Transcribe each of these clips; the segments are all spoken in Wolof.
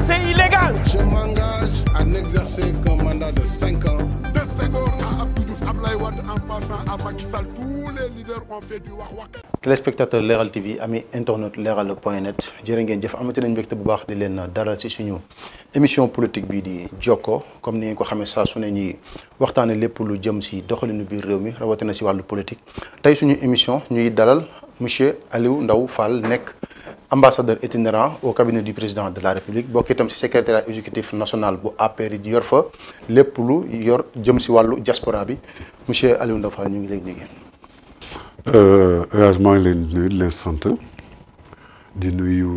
C'est illégal. Je m'engage à wax wax. téléspectateur Leral TV ami internet leral point net jërë ngeen jëf amati nañ mbégte bu baax di leen dalal ci suñu émission politique bii di Jokko comme ni ngeen ko xamee saa su ne ñuy waxtaane lépp lu jëm ci doxalinu biir réew mi rawatina ci wàllu politique tey suñu émission ñuy dalal monsieur Aliou Ndao Fall nekk. ambassadeur itinérant au cabinet du président de la république bokk itam ci secrétariat exécutif national bu APR yi yor fa lépp lu yor jëm si wàllu diaspora bi monsieur Aliou Ndao Fall ñu ngi lay nuyu. Euh, ngi leen di di leen sant di nuyu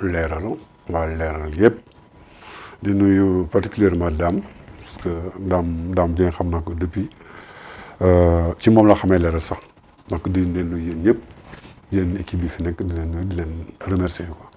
leeral waa leeral yëpp di nuyu particulièrement Dame parce que Dame Dame bien xam naa ko depuis euh, ci moom la xamee leeral sax donc di leen nuyu yéen yéen équipe bi fi nekk di leen di leen remercier quoi.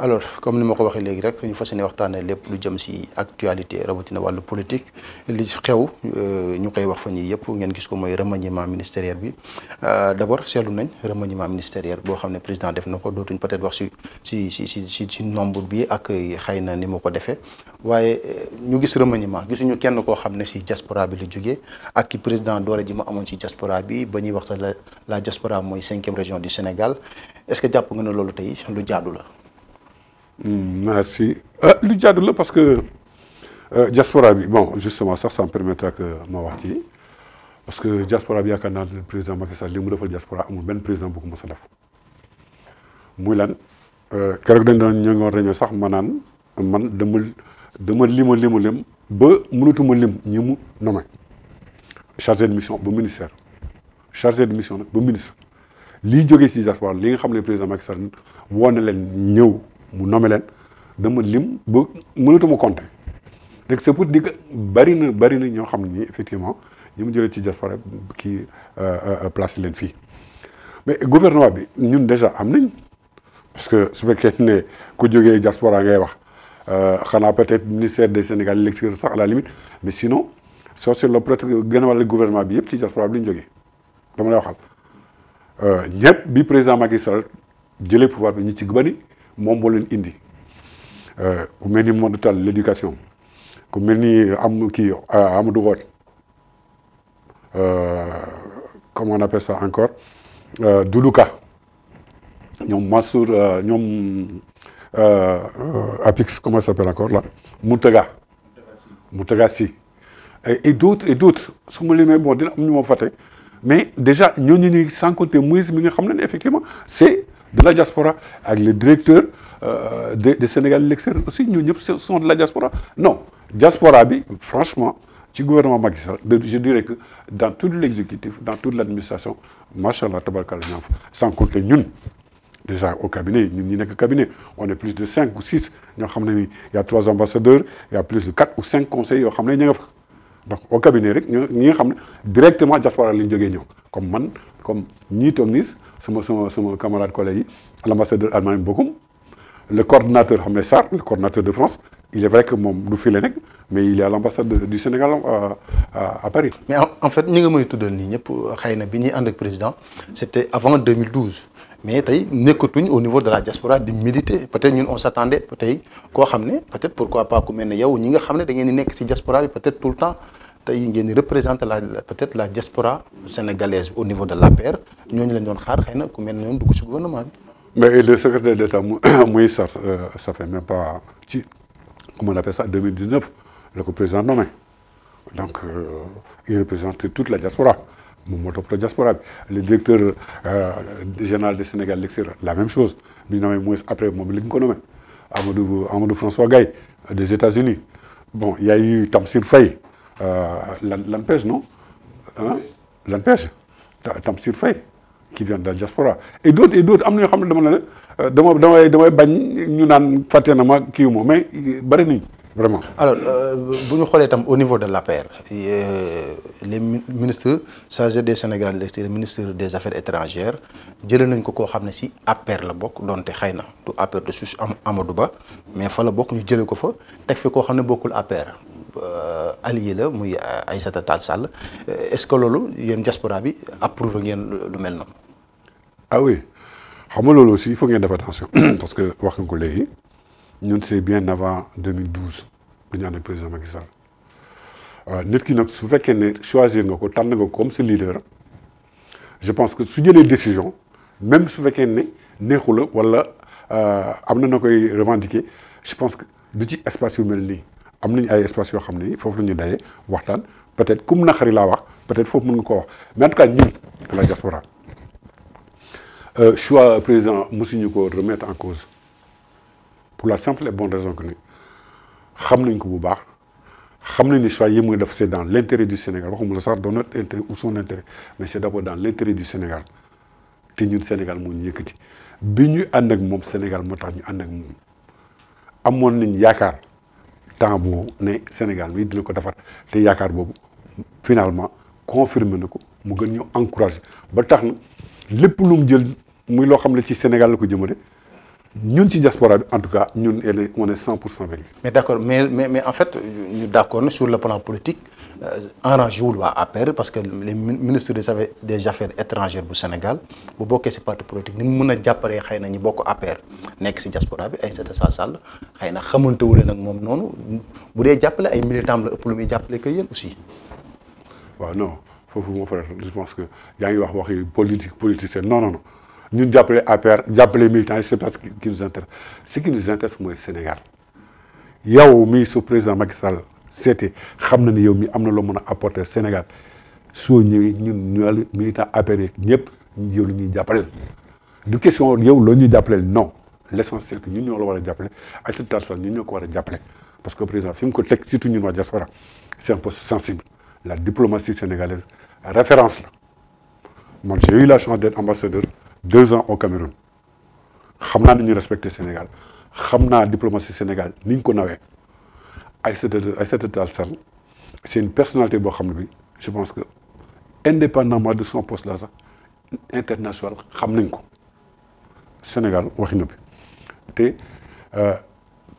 alors comme ni ma ko waxee léegi rek ñu fas yéene waxtaanee lépp lu jëm si actualité rawatina wàllu politique li xew euh, ñu koy wax fa yii yëpp ngeen gis ko mooy remaniement ministériel bi euh, d' abord seetlu nañ remaniement ministériel boo xam ne président def na ko dootuñ peut-être wax si si si si si nombre bi ak xëy na ni mu ko defee waaye euh, ñu gis remaniement gisuñu kenn koo xam ne si diaspora bi la jógee ak ki président doole ji ma amoon si diaspora bi ba ñuy wax sax la la diaspora mooy cinquième région du Sénégal est-ce que jàpp nga ne loolu tey lu jaadu la. Hmm, merci euh, lu jàddu la parce que euh, diaspora bi bon justement sax ça me permettra que ma wax ci parce que diaspora bi yaakaar naa ne président Macky Sall li mu defal diaspora amul benn président bu ko mës a def muy lan euh, keroog dañ doon ñëngoon réunion sax ma naan man dama dama lima lima lim ba mënatuma lim ñi mu nommé chargé mission ba ministère chargé de mission nag ba ministre lii jógee ci diaspora li nga xam ne président Macky Sall woo na leen ñëw mu nommé leen dama lim ba mënatuma compter rek c'est pour dire que bari na bari na ñoo xam ni effectivement ñu mu jëlee ci diaspora kii euh, euh, euh, placé leen fii mais gouvernement bi ñun déjà am nañ parce que su fekkee ne ku jógee diaspora ngay wax xanaa peut-être ministère des Sénégalais l'extérieur sax à la limite mais sinon soo sur le peut-être gën a wàll gouvernement bi yëpp ci diaspora bi la ñu jógee dama lay waxal ñëpp bi président Macky Sall jëlee pouvoir bi ñu ci bëri moom booleen leen indi euh, ku mel ni Modou Tall l' éducation ku mel ni am kii euh, Amadou Roth euh, comment on appelle ça encore Doudouka ñoom Massour ñoom Apix comment ça s'appelle encore là Moutaga Moutaga Sy et d'autres et d'autres su ma limee bon dina am ñu fa te mais déjà ñooñu ni sans compter moise mi nga xam ne effectivement c'est de la diaspora ak les directeurs euh, des des Sénégalais de aussi ñoo ñëpp sont de la diaspora non jaspora bi franchement ci gouvernement Macky Sall je dirais que dans tout l'exécutif dans toute l'administration macha allah tabarkalla ñaam fa sans compter ñun déjà au cabinet ñun ñi nekk cabinet on est plus de cinq ou six ñoo xam ne ni y a trois ambassadeurs y plus de quatre ou cinq conseillers yoo xam ne ñu nga fa donc au cabinet rek ñi nga xam ne directement diaspora la ñu jógee ñëw comme man comme ñii toog sama sama sama camarade collègue yi à l'ambassadeur Allemagne Bokum le coordinateur Ahmed Sarr le coordinateur de France il est vrai que moom du fii la nekk mais il est à du Sénégal euh, à Paris. mais en fait ñi nga may tuddal nii ñëpp xëy na bi ñuy ànd président c'était avant 2012 mais tey nekkatuñ au niveau de la diaspora di militer peut-être ñun on s'attendait tey koo xam ne peut-être pourquoi pas ku mel ne yow ñi nga xam ne da ngeen di nekk ci diaspora bi tey ngeen représenter la peut-être la diaspora sénégalaise au niveau de l'APR ñooñu lañ doon xaar xëy na ku mel ne ñoom dugg ci gouvernement bi. mais le secrétaire d'État muy ça euh, ça fait même pas ci comment on appelle ça président nommé donc euh, il représente toute la diaspora moom moo topp la diaspora bi le directeur euh, général du Sénégal l'extérieur la même chose bi ñu nommé après moom la ñu ko nommé Amadou Amadou François Gaye des États-Unis bon il y Tamsir Faye. Euh, l'ANPEJ, non hein? L'ANPEJ, Tamsir Faye, qui vient de la diaspora. Et d'autres, et na amna xam ne dama la euh, dama dama dama bañ ñu naan faté na ma kiw mo mais bari nañ vraiment. Alors euh, bu ñu xoolee tam au niveau de l'APR les ministres chargés de Sénégal de l'extérieur ministre des affaires étrangères jëlee nañ ko koo xam ne si APR la bokk donte xëy na du APR de am Amadou Ba mais fa la bokk ñu jëlee ko fa teg fi koo xam ne bokkul APR Euh, allié la muy Aïssata Tall Sall euh, est-ce que loolu yéen diaspora bi approuvé ngeen lu mel noonu. ah oui xam nga loolu aussi il faut ngeen def attention parce que wax nga ko léegi ñun c'est bien avant 2012 du ñu ànd ak président Macky Sall waaw euh, nit ki nag su fekkee ne choisir nga ko tànn nga ko comme sa leader je pense que su jëlee décision même su fekkee ni neexu la wala am na na koy revendiquer je pense que du ci espace yu mel nii. am nañu ay espace yoo xam ne foofu la ñu dayee waxtaan peut-être comme naqari laa wax peut-être foofu mën nga koo wax mais en tout cas ñun de la diaspora euh, choix président mosuñu ko remettre en cause pour la simple et bonne raison que ni xam nañ ko bu baax xam nañ ne choix yi mu def c'est dans l'intérêt du Sénégal wax la sax dans notre intérêt ou son intérêt mais c'est d'abord dans l'intérêt du Sénégal te ñun Sénégal moo ñu yëkkati bi ñu ànd ak moom Sénégal moo tax ñu ànd ak moom amoon nañ yaakaar. temps boobu ne Sénégal bi dina ko defar te yaakaar boobu finalement confirmé ni ko mu gën ñu encouragé ba tax na lépp lu mu jël muy loo xam ne ci Sénégal la ko jëmale ñun ci diaspora bi en tout cas ñun on mais d' mais mais en fait ñu d' accord na sur le plan politique euh, arrangé wul waa APR parce que le ministre des affaires des affaires étrangères bu Sénégal bu bokkee si parti politique ni mu mën a jàppalee xëy na ñu bokk APR nekk si diaspora bi Aïssata Tall Sall xëy na xamante wu leen ak moom noonu bu dee jàppale ay militants la ëpp lu muy jàppale que yéen aussi. waaw non foofu moo fa je pense que yaa ngi wax waxi politique ñun jàppale APR jàppale militants yi c'est pas ce qui nous intéresse ce qui nous intéresse Sénégal yow mii su président Macky Sall seete xam na ni yow mi am na loo mën a apporter Sénégal soo ñëwee ñun ñooy militant APR yi ñëpp yow la ñuy jàppaleel du question yow loo ñuy jàppaleel non l'essentiel que ñun ñoo la war a jàppale acceptation ñun ñoo ko war a jàppale parce que président fi mu ko teg surtout ñun waa diaspora c'est un poste sensible la diplomatie sénégalaise référence la man j'ai la chance d'être ambassadeur deux ans au Cameroun xam naa ni ñu respecté Sénégal xam naa diplomatie Sénégal ni ñu ko nawee Aïssata Aïssata Tall Sall c'est seen personnalité boo xam ne bi je pense que indépendant indépendamment de son poste là sax international xam nañ ko Sénégal waxi bi te euh,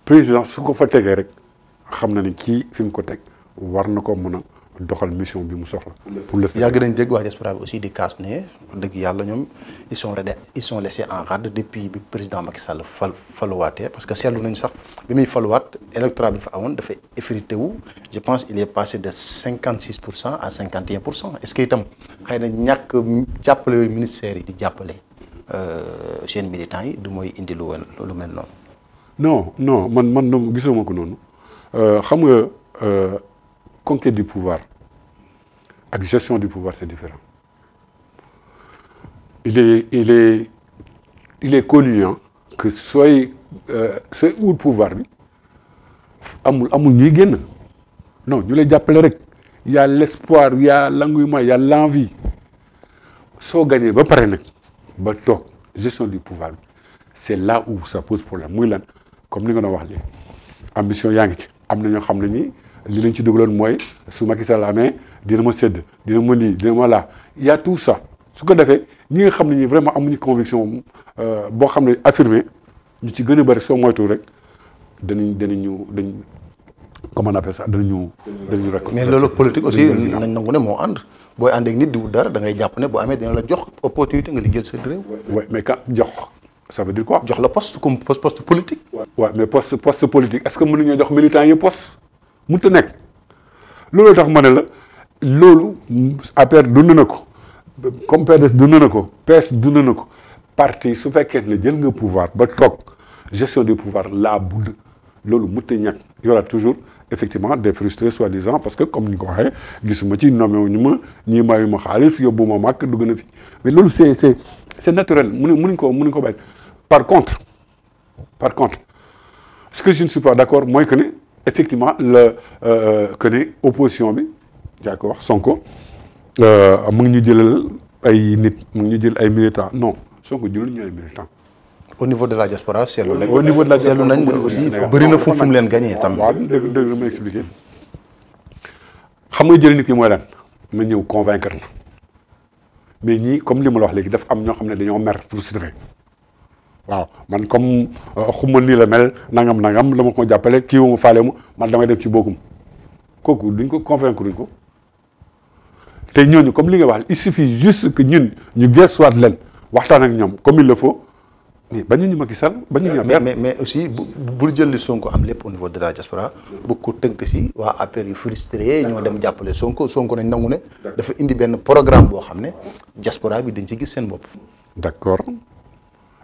président su ko fa tegee rek xam na ni kii fi mu ko teg war na ko mën a doxal mission bi mu soxla. pour yàgg nañ dégg waa diaspora bi aussi di ne dëgg yàlla ñoom ils sont ils sont laissés en rade depuis bi président Macky Sall fal faluwaatee parce que seetlu nañ sax bi muy faluwaat électorat bi fa amoon dafa effrité wu je pense il est passé de cinquante six pour cent à cinquante et un pour cent est ce que itam xëy na ñàkk jàppale yooyu ministères yi di jàppale euh, seen militants yi du mooy indi lu woon lu mel noonu. non non man man gisuma ko noonu euh, xam euh, conquête du pouvoir ak gestion du pouvoir c'est différent il est il est il est connu hein, que euh, pouvoir bi amul amul ñuy génn non ñu lay jàppale rek y a l'espoir y a l'engouement y a l'envie soo gagné ba pare nag ba toog gestion du pouvoir bi c'est là où ça pose problème muy lan comme ni nga doon wax léegi ambition yaa ngi ci am na ñoo xam ne nii li lañ ci dugaloon mooy su Macky Sall amee dina ma sedd dina ma lii dina ma laa y a tout ça su ko defee ñi nga xam ne ñi amuñu conviction euh, boo xam ne affirmé ñu ci gën a bëri soo moytu rek danañ danañu dañ comment loolu politique aussi nañ nangu ne moo ànd booy ànd ak nit di wut dara da ngay jàpp ne bu amee dina la jox opportunité nga liggéeyal seen réew oui mais jox ça dire quoi jox la poste comme poste politique waaw mais poste poste jox militant yi poste mu a nekk loolu tax ma ne la loolu APR dund na ko comme PDS dund na ko PS dund na ko parti su fekkee ne jël nga pouvoir ba toog gestion du pouvoir laa budd loolu mënut a ñàkk y aura toujours effectivement de frustrés soi-disant parce que comme ni ko waxee gisuma ci nommé wu ñu ma ñii ma xaalis yóbbu ma màkk dugg fi mais loolu c'est c'est c'est naturel mënu mënuñ ko mënuñ ko bàyyi par contre par contre ce que je ne suis pas d'accord mooy que effectivement la euh, euh, que ne opposition bi yaa ko wax Sonko euh, mu ngi ñu jëlal ay nit mun ngi ñu jël ay militants non Sonko jëlul ñu ay militants. au niveau de la diaspora seetlu nañ. au niveau de la diaspora seetlu nañ aussi bëri na fu mu leen gagné tam. waaw dëgg dëgg la ma expliqué xam nga jël nit ki mooy lan ma ñëw convaincre la mais ñii comme li ma la wax léegi dafa am ñoo xam ne dañoo mer frustré waaw man comme euh, xuma nii la mel nangam nangam la ma ko jàppale kii wu ma faale mu man damay dem ci bokkum kooku duñ ko convaincre duñ ko te ñooñu comme li nga wax il fi juste que ñun ñu gëstuwaat leen waxtaan ak ñoom comme il le faut mais bañu ñu Macky Sall bañu ñu mais mais aussi bu bul jël li Sonko am lépp au niveau de la diaspora bu ko tënk si waa affaire yu frustré ñoo dem jàppale Sonko Sonko nañ nangu ne dafa indi benn programme boo xam ne diaspora bi dañ ci gis seen bopp d'accord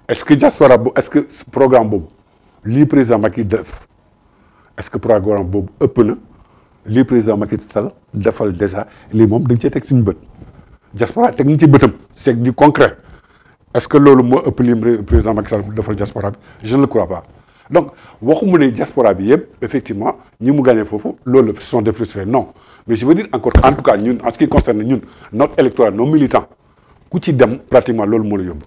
est-ce que diaspora bu est que programme boobu lii président Macky def est-ce que programme boobu ëpp na lii président Macky Sall defal déjà lii moom dañ cee teg suñu bët diaspora teg nañ ci bëtam c'est du concret est-ce que loolu moo ëpp lii président Macky Sall defal diaspora bi je ne le crois pas donc waxumu ne diaspora bi yëpp effectivement ñi mu gagné foofu loolu la sont des frustrés non mais je veux dire encore en tout cas ñun en ce qui concerne ñun notre électorat nos militants ku ci dem pratiquement loolu moo la yóbbu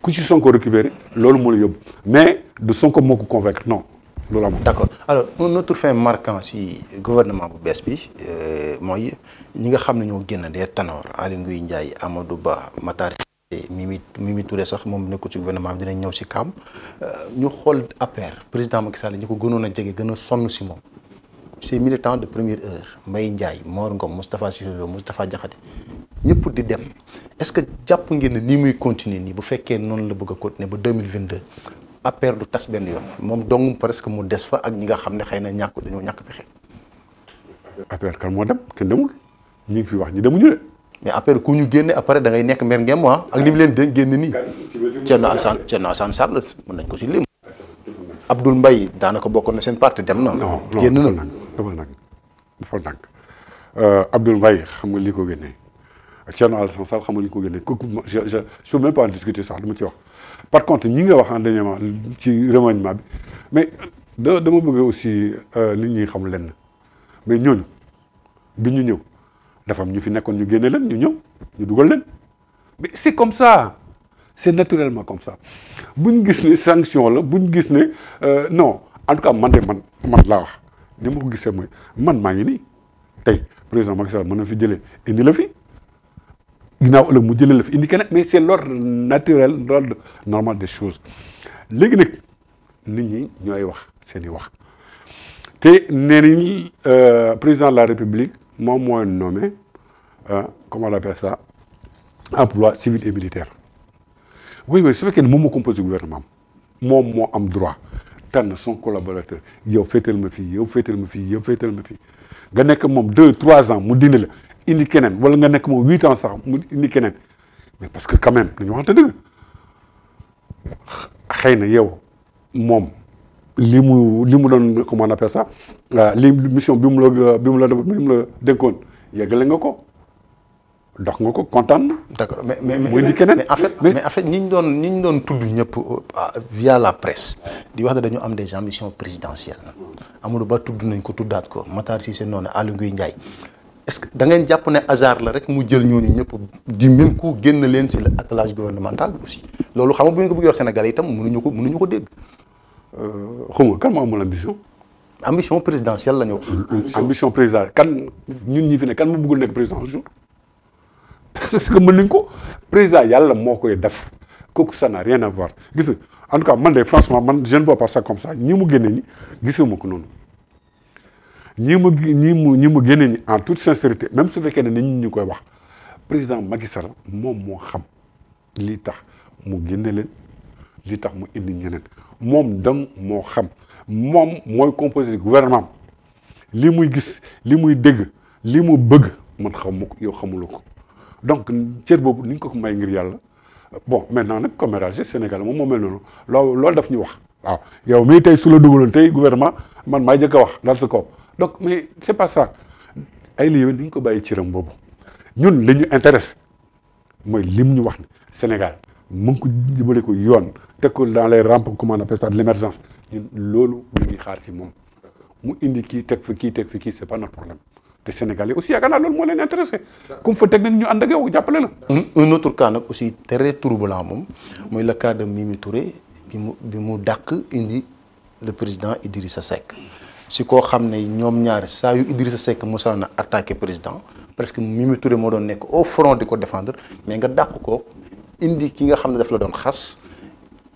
ku ci Sonko récupéré loolu moo la yóbbu mais du Sonko moo ko convaincre non loolu amul. d' accord alors un autre fait marquant si gouvernement bu bees bi euh, mooy ñi nga xam ne ñoo génn des Tanor Aly Ngouille Ndiaye Amadou Ba Matar Cissé Mimi Mimi Touré sax moom nekkul ci gouvernement bi dinañ ñëw si kaam euh, ñu xool APR président Macky Sall ñi ko gënoon a jege gën a sonn si moom. ces militants de première heure Mbaye Ndiaye Mor Ngom Moustapha Cissé Lo Moustapha Diakhaté ñëpp di dem est-ce que jàpp ngeen ne nii muy continuer nii bu fekkee noonu la bëgg a continuer ba 2022 APR du tas benn yoon moom dong presque mu des fa ak ñi nga xam ne xëy na ñàkk dañoo ñàkk pexe. APR kan moo dem kenn demul ñu ngi fi wax ñu demuñu de. mais après ku ñu génne après da ngay nekk mer ngeen moi ah, ak ni mu leen di génne nii. Thierno Alassane Thierno Alassane Sall mën nañ ko si lim. Abdoul Mbaye daanaka bokkoon na seen parti dem na. non génn na. defal ndànk defal euh, ndànk Abdoul Mbaye xam nga li ko génnee Thierno Alassane Sall xam nga ko génnee kooku je je je discuter sax dama ci wax par contre ñi nga wax en dernièrement ci remaniement bi mais da dama bëgg aussi euh, nit ñi xam lenn mais ñooñu bi ñu ñëw dafa ñu fi nekkoon ñu génne leen ñu ñëw ñu dugal leen mais c'est comme ça c'est naturellement comme ça bu ñu gis ne sanction la bu ñu gis ne euh, non en tout cas man de man laa wax. ni ma ko gisee man maa ngi nii tey président Macky Sall mën na fi jëlee indi la fi ginnaaw ëllëg mu jële la fi indi keneen mais c' est naturel l' ordre normal des choses léegi nag nit ñi ñooy wax seen i wax te nee nañ euh, président la république moom mooy nommé euh, comment on appelle ça emploi civil et militaire oui oui su fekkee ne moom moo composé gouvernement moom moo am droit. na son collaborateur yow féetal ma fii yow féetal ma fii yow féetal ma fi nga nekk moom deux trois ans mu dindi la indi keneen wala nga nekk moom huit ans sax mu indi keneen mais parce que quand même dañu waxante dëgg xëy na yow moom li mu li mu doon comment on appelle ça euh, li mission bi mu la bi mu la bi mu yeggale nga ko dox nga ko kontaan. d'accord mais mais mais mais en fait mais en fait ñi ñu doon ñi ñu doon tudd ñëpp euh, ah, via la presse di wax ne dañu am des ambitions présidentielles Amadou Ba tudd nañ ko tuddaat ko Matar Cissé noonu Aly Ngouille Ndiaye est-ce que da ngeen jàpp ne hasard la rek mu jël ñooñu ñëpp du même coup génn leen si la attelage gouvernemental aussi loolu xam nga bu ñu ko bëgg wax Sénégal itam mënuñu ko mënuñu ko dégg. Euh, xam nga kan moo amul ambition. ambition présidentielle la ñu wax. ambition présidentielle kan ñun ñi fi ne kan mu bëggul nekk président jour. parce que mën ko président yàlla moo koy def kooku ça n'a rien gis nga en tout cas man de franchement man je ne vois comme ça ñi mu génne ñi ko noonu ñi mu ñi mu ñi mu génne ñi en toute sincérité même su fekkee ne nit ñu koy wax président Macky Sall moom moo xam lii tax mu génne leen lii tax mu indi ñeneen moom dong moo xam moom mooy composé gouvernement li muy gis li muy dégg li mu bëgg man xamu ko yow xamuloo ko. donc cër boobu ni ko ko may ngir yàlla bon maintenant nag comme maraîcher Sénégal moom moo mel noonu loo loolu daf ñu wax waaw yow mii tey su la dugaloon tey gouvernement man maa jëkk a wax dal sa kaw donc mais c'est pas ça ay liggéey ni ñu ko bàyyi cëram boobu ñun li ñu mooy lim ñu wax ne Sénégal mun ngi ko jëmale ko yoon teg ko dans les rampes comment on appelle ça de l'émergence ñun loolu la ñuy xaar si moom mu indi kii teg fi kii teg fi kii c'est pas notre problème te sénégal sénégalais aussi yaakaar naa loolu moo leen intéressé comme fa teg nañ ñu ànd ak yow jàppale la. un autre cas nag aussi très troublant moom mooy le cas de Mimi bi mu bi mu dàq indi le président Idrissa Seck si koo xam ne ñoom ñaar saa yu Idrissa Seck mosaan na attaqué président presque Mimi Touré moo doon nekk au front di ko défendre mais nga dàq ko indi ki nga xam ne daf la doon xas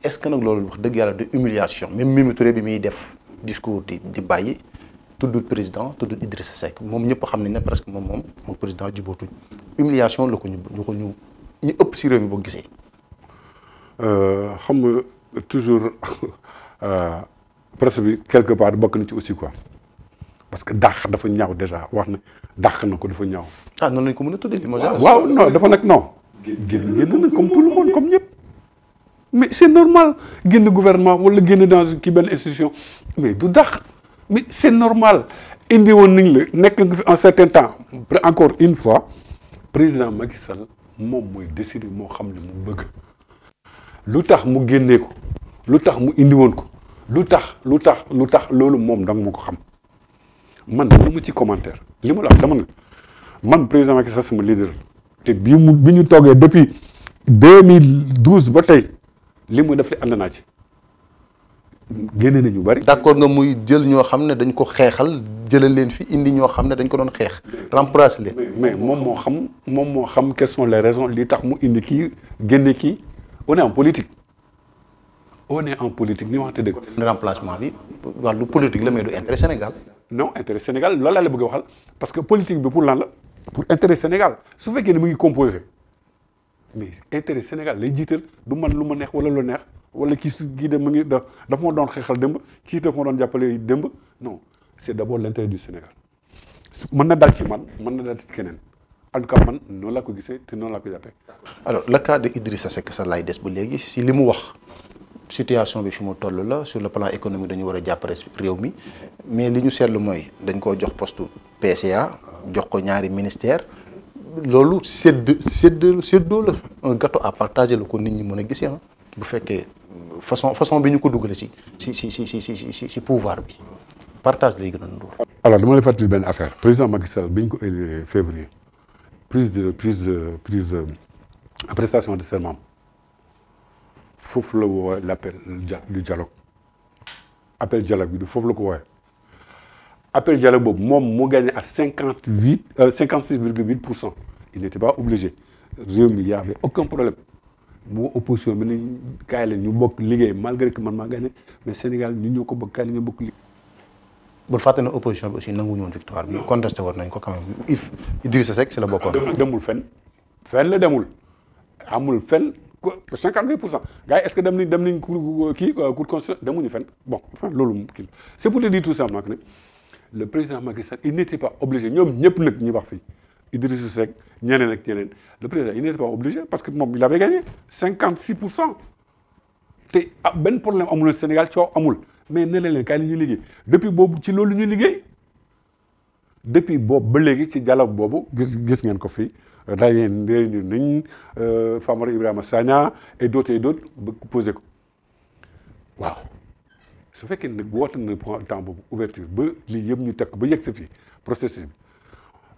est-ce nag loolu wax dëgg yàlla de humiliation même Mimi bi muy def discours di di bàyyi. tuddul président tuddul Idrissa Seck moom ñëpp xam nañ ne presque moom moom moom président jubootuñ humiliation la ko ñu ñu ko ñu ñu ëpp si réew mi boo gisee. Euh, xam nga toujours euh, presse bi quelque part bokk na ci aussi quoi parce que dàq dafa ñaaw déjà wax na dàq na ko dafa ñaaw. ah noonu ko mën a tuddee. waaw non dafa nag non. génn génn na comme tout le monde comme ñëpp. mais c'est normal génn gouvernement wala génn dans kii benn institution mais du dàq. mais c'est normal indi woon nañ la nekk nga fi un certain temps encore une fois président Macky Sall moom mooy décider moo xam ne mu bëgg lu tax mu génnee ko lu tax mu indi woon ko lu tax lu tax lu tax loolu moom danga ma ko xam man mënu ma ci commentaire li ma la wax dama ne man président Macky Sall sama leader te bi mu bi ñu toogee depuis 2012 ba tey li mu def li ànd naa génne nañu bari. d'accord nga muy jël ñoo xam ne dañ ko xeexal jëlal leen fi indi ñoo xam ne dañ ko doon xeex remplace leen. mais moom moo xam moom moo xam quelles sont les raisons li tax mu indi kii génne kii on est en politique on est en politique ni waxte dëgg. remplacement bi wàllu politique la mais du intérêt Sénégal. non intérêt Sénégal loolu laa la bëgg waxal parce que politique bi pour lan la pour intérêt Sénégal su fekkee ne mu ngi composé mais intérêt Sénégal lay jiital du man lu ma neex wala lu neex. wala kii su kii de mu ngi da dafa ma doon xeexal démb kii dafa moo doon jàppale démb non c' est d' abord l' du Sénégal mën na dal ci man mën na dal ci keneen en tout cas man noonu laa ko gisee te noonu laa ko jàppee. alors le cas de Idrissa Seck sax laay des ba léegi si li mu wax situation bi fi mu toll la su le plan économie dañu war a jàppale réew mi mais li ñu seetlu mooy dañ koo jox poste PCA jox ko ñaari ministère loolu sedd sédd séddoo la un gâteau à partager la ko nit ñi mën a gisee ah. bu fekkee. façon façon bi ñu ko duggale si si si si si si si si pouvoir bi partage lay gën a nduur alors dama lay fàttali benn affaire président Macky Sall bi ñu ko élire février prise de prise de prise de prestation de serment foofu la woowee l' appel du dialogue appel dialogue bi du foofu la ko woowee appel dialogue boobu moom mu gagné à cinquante huit euh, cinquante six virgule huit pour cent il n' était pas obligé réew mi y' avait aucun problème moo opposition bi nañ kaay la ñu bokk liggéey malgré que man maa gagné mais Sénégal ñu ñoo ko bokk kaay la ñu bokk liggéey. bul fàtte ne opposition bi aussi nanguñu woon victoire bi contesté woon nañ ko i même Idrissa Seck si la bokkoon. Ah, demul fen fenn la demul amul fenn ko 58 pour cent gars yi est ce que dem nañ dem nañ cour kii cour constitution demuñu fen bon enfin loolu kii c' pour te dire tout simplement que ne le président Macky Sall il n' était pas obligé ñoom ñëpp nag ñi wax fii. Idrissa Seck ñeneen ak ñeneen le président il n'était pas obligé parce que moom il avait gagné cinquante six pour cent te ah, benn problème amul Sénégal coow amul mais ne leen kaay li ñu liggéey depuis boobu ci loolu ñu liggéey depuis boobu ba léegi ci dialogue boobu gis gis ngeen ko fii daje réunir nañ euh, Famara Ibrahima Sagna et d'autres et d'autres ba posé ko waaw su fekkee nag woote na temps boobu ouverture ba lii yëpp ñu teg ba yegg si fii processus bi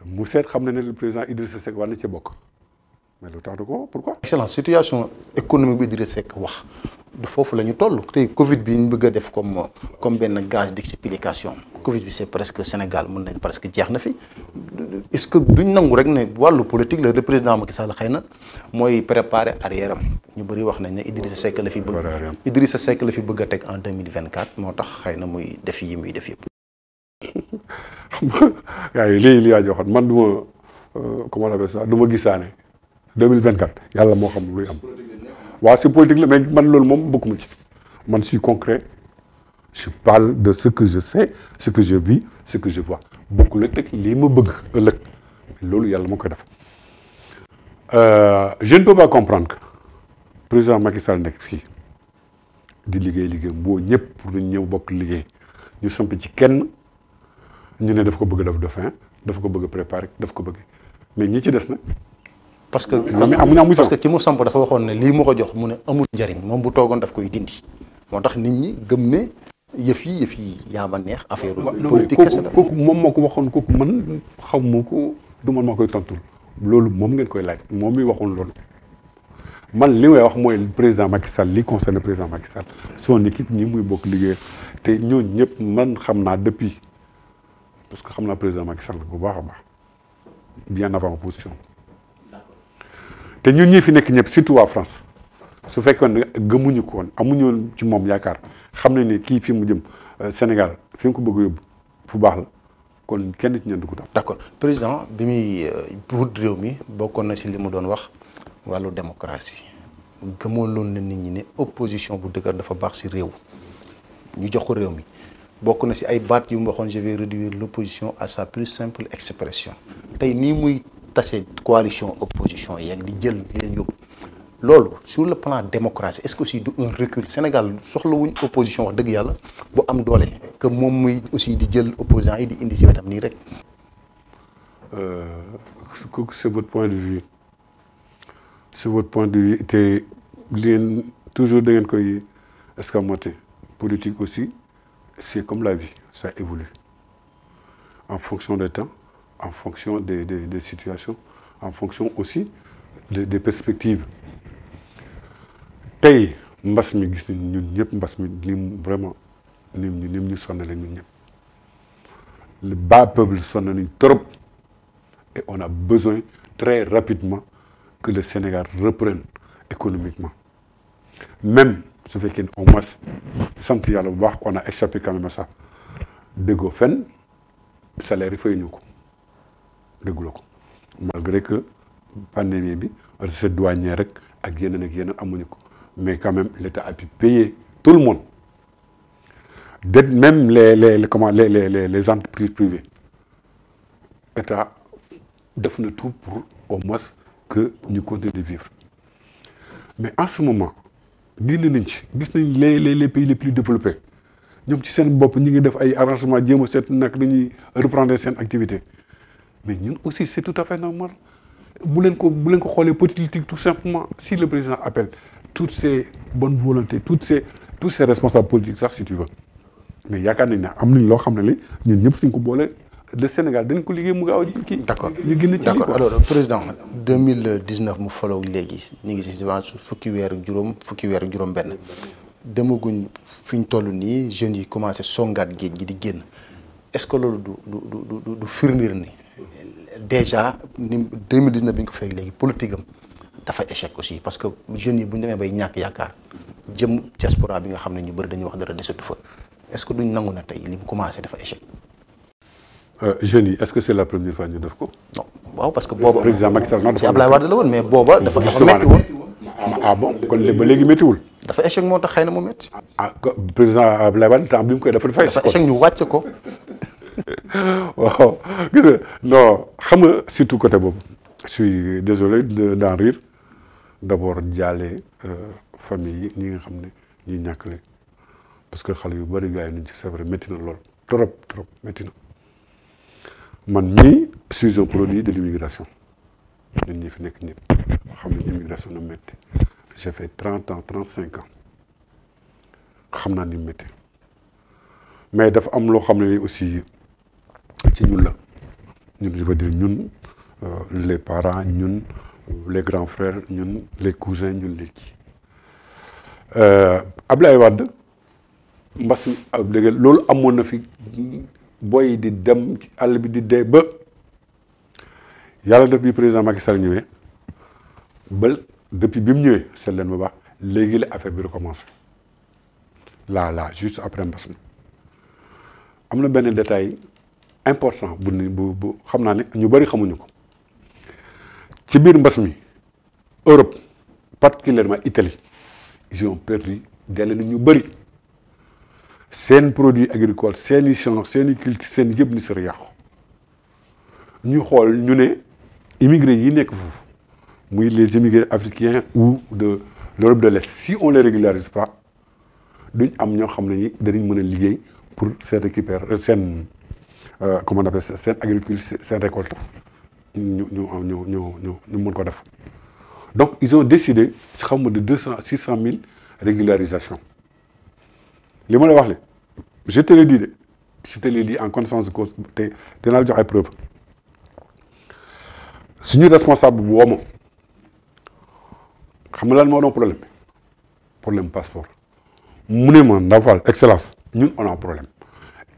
mu seet xam na ne le président Idrissa Seck war na cee bokk mais lu tax du excellent situation économique bi Idrissa Seck wax du foofu la ñu toll tey Covid bi ñu bëgg a def comme comme benn gage d'explication Covid bi c'est presque Sénégal mën nañ presque jeex na fi est-ce que duñ nangu rek ne wàllu politique la le président ma Sall xëy na mooy préparer arrière ñu bari wax nañ ne Idrissa Seck la fi bëgg. Idrissa Seck la fi bëgg teg en 2024 moo tax xëy na muy def yi muy def yëpp. yaa ngi lii li yaa joxoon man du ma euh, comment on appelle ça du ma gisaane 2024 yàlla moo xam luy am waaw c'est politique la mais man loolu moom bokkuma ci man je suis concret je parle de ce que je sais ce que je vis ce que je vois bokkul ak lii ma bëgg ëllëg loolu yàlla moo ko def euh, je ne peux pas président Macky Sall nekk fii di liggéey liggéey boo ñëpp pour ñu ñëw bokk liggéey ñu samp ci kenn. ñu ne daf ko bëgg def dauphin daf ko bëgg préparer daf ko bëgg mais ñi ci des nag. parce que parce que ki mu samp dafa waxoon ne lii mu ko jox mu ne amul njariñ moom bu toogoon daf koy dindi moo tax nit ñi gëm ne yëf yi yëf yi yaa ma neex affaire politique kese la moom moo ko waxoon kooku man xaw ma ko du man maa koy tontul loolu moom ngeen koy laaj moom mi waxoon loolu man li may wax mooy président Macky Sall li concerne président Macky Sall son équipe ñi muy bokk liggéey te ñooñu ñëpp man xam naa depuis parce que xam naa président Macky la bu baax a baax bien avant opposition te ñu ñi fi nekk ñëpp surtout waa France su fekkee ne gëmuñu koon woon amuñu ci moom yaakaar xam nañ ne kii fi mu jëm euh, Sénégal fi nga ko bëgg yóbbu fu baax la kon kenn ci ñun du ko def. d'accord président bi muy buut euh, réew mi bokkoon na si li mu doon wax wàllu démocratie gëmoon loon na nit ñi ne opposition bu dëgër dafa baax si réew ñu jox ko réew mi. bokk na si ay baat yu mu waxoon je vais réduire l'opposition à sa plus simple expression tey nii muy tase coalition opposition yeeg di jël di leen yóbbu loolu sur le plan démocratie est-ce que aussi du un recul Sénégal soxlawuñ opposition wax dëgg yàlla bu am doole que moom muy aussi di jël opposants yi di indi si wetam nii rek. Euh, c'est votre point de vue c'est te li toujours da ngeen koy escamoté politique aussi. c'est comme la vie, ça évolue. En fonction des temps, en fonction des, des, des situations, en fonction aussi des, des perspectives. tey mbas mi gis nañ ñun ñëpp mbas mi ni vraiment ni mu ni mu ñu sonal ñëpp le bas peuple sonal nañ trop et on a besoin très rapidement que le Sénégal reprenne économiquement même. su fekkee au moins sant yàlla bu baax on a échappé quand même sax déggoo fenn salaire yi fayuñu ko dégguloo ko malgré que bi recette douanière rek ak yeneen ak yeneen amuñu ko mais quand même l'État a pu payer tout le monde de même les les les comment les les les entreprises privées État def na tout pour au mois que ñu continuer de vivre mais en ce moment. génne nañ ci gis nañ les les les pays les plus développés ñoom ci seen bopp ñu ngi def ay arrangement jéem a seet nag dañuy reprendre seen activité mais ñun aussi c' tout à fait normal bu leen ko bu leen ko xoolee politique tout simplement si le président appelle toutes ces bonnes volontés toutes ces tous ces responsables politiques sax si tu veux mais yaakaar nañ ne am nañ loo xam ne li ñun ñëpp suñ ko boolee de Sénégal dañ ko liggéey mu gaaw a kii. d' accord ñu génn ci d' accord alors mu foloo léegi ñu ngi si fukki weer juróom fukki weer ak juróom-benn demaguñ fi ñu toll nii jeunes yi commencé songaat géej gi di génn est ce que loolu du du du du ni déjà ni 2019 bi ñu ko fekk léegi politique am dafa échec aussi parce que jeunes yi bu ñu demee bay ñàkk yaakaar jëm diaspora bi nga xam ne ñu bëri dañuy wax dara desatu fa est ce que duñ nangu na tey li mu commencé dafa échec. Euh, jeunes yi est-ce que c'est la première fois ñu def ko. non waaw parce que booba président Macky Sall si la woon mais booba dafa dafa métti woon. ah bon kon ba léegi méttiwul. dafa échec moo tax xëy na mu métti. ah, ah président Ablaye Wade temps bi mu koy dafa dafay. dafa échec ñu wàcc ko. waaw gis xam nga surtout côté boobu. je suis désolé d'en rire d'abord jaale euh, famille yi ñi nga xam ne ñi ñàkkale parce que xale yu bari gars yi nañ ci c'est vrai na lool trop trop métti na. man mii suis un produit de l'immigration ñun ñi fi nekk ñëpp xam nañ immigration na métti j'ai fait trente ans trente cinq ans xam naa ni métti mais dafa am loo xam ne aussi ci ñun la ñun je veux dire ñun euh, les parents ñun les grands frères ñun les cousins ñun les kii euh, Ablaye Wade mbas mi léegi loolu amoon na fi boy di dem ci àll bi di dee ba yàlla def bi président Macky Sall ñëwee ba depuis bi mu ñëwee seet leen bu baax léegi la affaire bi recommencé là la juste après mbas mi am na benn détail important bu ni bu bu xam naa ne ñu bëri xamuñu ko ci biir mbas mi Europe particulièrement Italie ils ont perdu delle ni ñu seen produit agricole seen i champs seen i culture seen yëpp ni sar yàqu ñu xool ñu ne immigré yi nekk foofu muy les immigrés africains ou de l'Europe de l'Est si on les régularise du ñu am ñoo xam ne ñi danañ mën a liggéey pour seen récupérer euh, seen euh, comment on appelle seen agriculture seen récolte ñu ñu ñu ñu ñu ñu mën ko def donc ils ont décidé xam nga de deux cent six cent mille régularisation li ma la wax le je te le de je te le dis en connaissance de cause te dinaa la jox ay ñu suñu responsable bu woo ma xam nga lan moo doon problème bi problème passeport mu ne ma Ndao Fall excellence ñun on a problème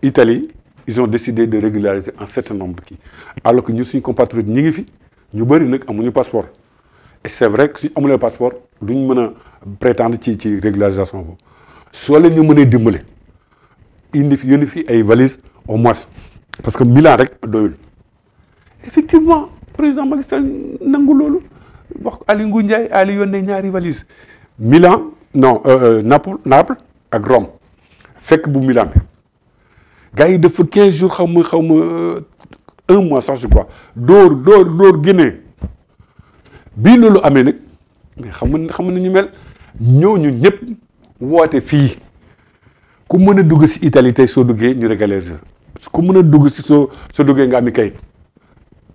Italie ils ont décidé de régulariser un certain nombre ki kii alors que ñun suñu compatriotes ñi ngi fi ñu bëri nag amuñu passeport et c'est vrai que suñu amulee passeport duñ mën a prétende ci ci régularisation boobu soo leen ñu mënee dimbale indi fi yónni fi ay valise au moins parce que Milan rek doyul effectivement président Macky nangu loolu wax Ali Ngouille Ndiaye Ali yónnee ñaari valise Milan non euh, euh, Naples Naples ak Rome fekk bu Milan bi gars yi dafa 15 jours xaw ma xaw ma euh, un mois sax je crois dóor dóor dóor Guinée bii loolu amee nag mais xam nga xam nga ni ñu mel ñooñu ñëpp. woote fii ku mën a dugg si Italie soo duggee ñu régaler ku mën a dugg si soo soo duggee nga am i kayit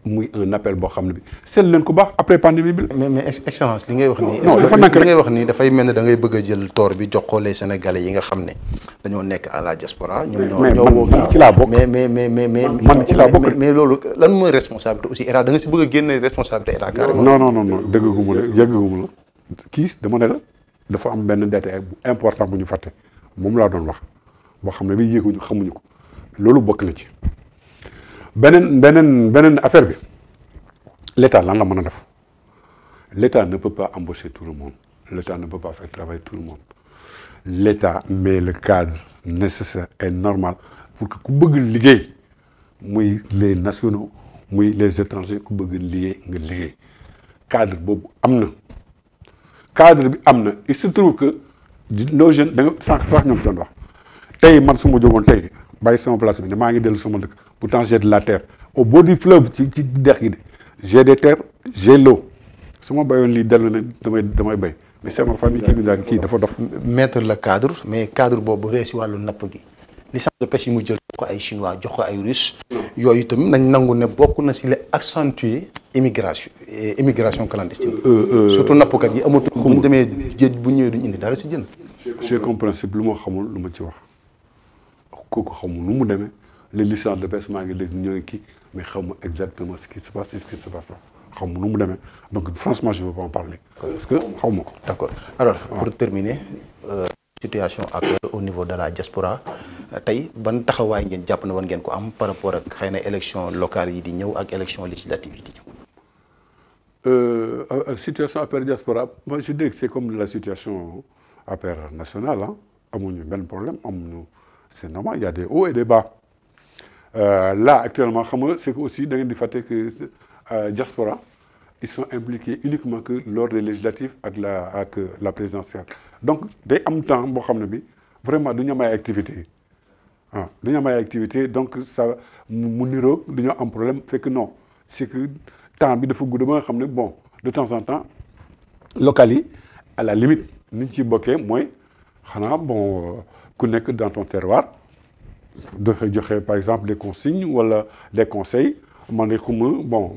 muy un boo xam ne bi seetlu leen ku baax après pandémie bi. mais mais excellence li ngay wax nii. wax nii dafay mel ne da ngay bëgg a jël toor bi jox ko les sénégalais yi nga xam ne dañoo nekk à la diaspora. ñoom ñoo ñoo mais ci laa bokk mais mais mais mais mais. man ci laa bokk mais loolu lan mooy responsabilité aussi état da nga si bëgg a génne responsabilité état carrément. non non non non dëgg gu ma la yëgg gu ma ne la. dafa am benn détail bu important bu ñu fàtte moom laa doon wax boo xam ne bi yéeguñu xamuñu ko loolu bokk na ci beneen beneen beneen affaire bi l'état lan la mën a def l'état ne peut pas embaucher tout le monde l'état ne peut pas faire travailler le monde l'état met le cadre nécessaire et normal pour ku bëgg liggéey muy les nationaux muy les étrangers ku bëgg liggéey nga liggéey cadre boobu am na cadre bi am na il que nos jeunes da nga sànq sax ñoo ngi wax tey man suma ma jógoon tey bàyyi sama place bi ne maa ngi dellu sama dëkk pourtant j'ai de la terre au bord di fleuve ci ci dex gi de j'ai des terres j'ai l'eau su ma béyoon lii dellu na damay damay béy mais sama famille kii bi daal kii dafa dof mettre la cadre mais cadre boobu bu dee si wàllu napp gi licence de pêche yi mu jël jox ko ay chinois jox ko ay russe yooyu tamit nañ nangu ne bokk na si les accentuer immigration eh, immigration clandestine. Euh, euh, euh, surtout nappkat yi amatul. mu bu ñu demee géej bu ñëwee duñ indi dara si jën. c'est compréhensible lu ma xamul lu ma ci wax kooku xamul nu mu demee les de pêche maa xaw ma exactement xaw ma nu mu demee donc franchement je ne en parler. parce que xaw ma ko. d'accord alors pour terminer. situation actuelle au niveau de la diaspora tey ban taxawaay ngeen jàpp na war ngeen ko am par rapport ak xëy na élection locale yi di ñëw ak élection législative yi di ñëw Euh, euh, situation APR diaspora moi je dis que c'est comme la situation APR nationale ah amuñu benn problème amuñu c'est normal il y a des hauts et des bas euh, là actuellement xam nga c'est aussi da ngeen di fàtte que euh, diaspora ils sont impliqués uniquement que lors des ak la ak la présidentielle donc day am temps boo xam ne bi vraiment du ñu am ay activités ah du ñu am ay donc ça mu niroog du ñu am problème fekk non c'est que temps bi dafa gudd ba nga xam ne bon de temps en temps local yi à la limite ni ñu ciy bokkee mooy xanaa bon euh, ku nekk dans ton terroir dafa joxe par exemple des consignes wala des conseils man de xuma bon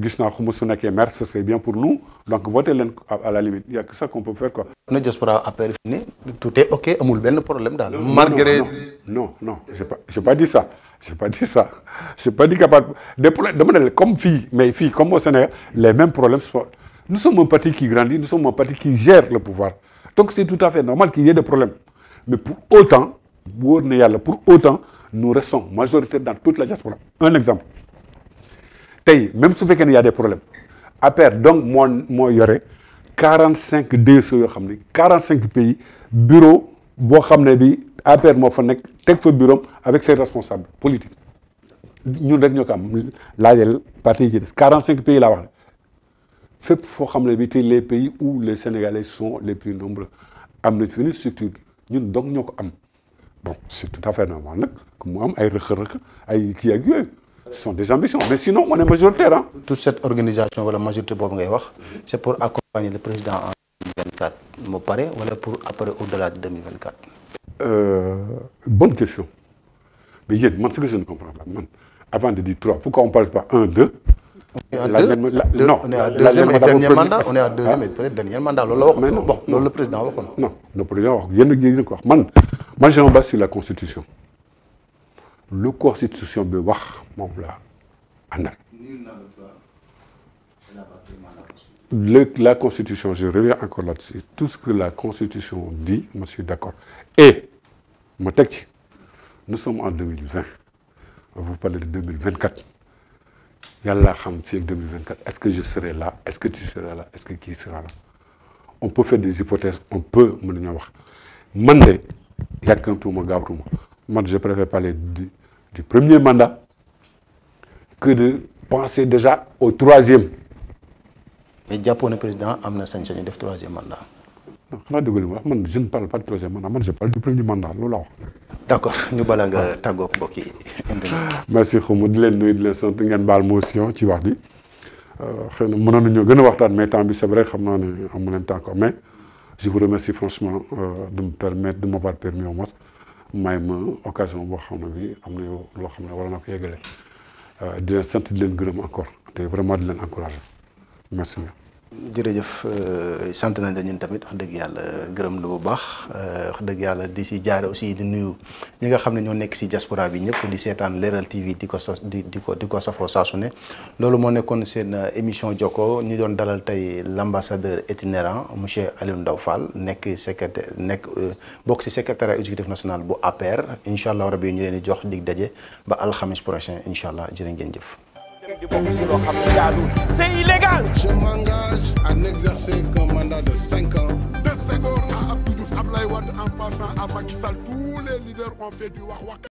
gis naa xuma su nekkee maire ce serait bien pour nous donc voté leen à la limite y a que ça qu'on peut faire quoi. na diaspora après fini tout est ok amul benn problème daal. malgré non non non j'ai pas j'ai pas dit ça. j'ai pas dit ça j'ai pas dit capable des problèmes dama ne comme fii mais fii comme au Sénégal les mêmes problèmes sont nous sommes un parti qui grandit nous sommes un parti qui gère le pouvoir donc c'est tout à fait normal qu'il y ait des problèmes mais pour autant wóor na yàlla pour autant nous restons majoritaire dans toute la diaspora un exemple tey même su fekkee ne a des problèmes APR donc moo moo yore quarante cinq DSE yoo xam ne quarante cinq pays bureau boo xam ne APR moo fa nekk teg fa bureau avec ses responsables politiques ñun rek ñoo ko am laajal parti yi ci des 45 pays laa wax ne fépp foo xam ne bi tey les pays où les Sénégalais sont les plus nombreux am nañ fi une ñun donc ñoo ko am bon c'est tout à fait normal nag que mu am ay rëq-rëq ay kii ak yooyu. ce sont des ambitions mais sinon on est majoritaire ah. cette organisation wala majorité boobu ngay wax c'est pour accompagner le président en wala pour après au-delà de 2024. Euh, bonne question. Mais yéen man ce que je ne comprends avant de dire trois pourquoi on parle pas un deux. on la deux, la, deux, non on est à deuxième et dernier mandat on est à deuxième ah. et dernier mandat loolu la wax. mais non le président waxoon. non le président wax yéen a yéen a ko wax man man je me base sur la constitution lu constitution bi wax moom la le, la Constitution, je reviens encore la dessus tout ce que la Constitution dit, je suis d'accord. Et, mon texte, nous sommes en 2020. Vous parlez de 2024. Yallah Ham 2024. Est-ce que je serai là Est-ce que tu seras là Est-ce que qui sera là On peut faire des hypothèses, on peut. Mandé, Yakantouma Gabrouma. ma je préfère parler du, premier mandat que de penser déjà au troisième. mais jàppoo na président am na sañ-sañu def troisième mandat. non man je ne parle pas mandat man je parle du premier mandat loolu la wax. d' accord ñu bala nga tàggoo ak yi. merci di leen nuyu di leen sant ngeen baal ma aussi ah, ci wax bi euh, xëy na mënoon nañoo gën a waxtaan mais temps bi c' xam naa ne amu leen temps encore mais je vous franchement euh, de me permettre de permis au moins may ma occasion boo xam ne bi am na loo xam ne war na ko yegale euh, di leen sant di leen gërëm encore te vraiment di leen encouragé. merci jërëjëf euh, sant nañ la ñun tamit wax dëgg yàlla gërëm la bu baax euh, wax dëgg yàlla di si jaare aussi di nuyu ñi nga xam ne ñoo nekk si diaspora bi ñëpp di seetaan Leral TV di ko sa di di ko di ko safoo saa ne loolu moo nekkoon seen euh, émission jokko ñu doon dalal tey l' ambassadeur itinérant monsieur Alioune Ndao Fall nekk secrétaire nekk bokk si secrétariat exécutif national bu APR incha allah rabi ñu leen di jox dig daje ba alxamis prochain incha allah jërë ngeen jëf. tamit di bokk si loo xam ne jaaduwul c'est illégal. je m'engage à n'exercer qu'un mandat de cinq ans. de Senghor à Abdou Diouf Abdoulaye en passant à Macky tous les leaders ont fait du wax wax.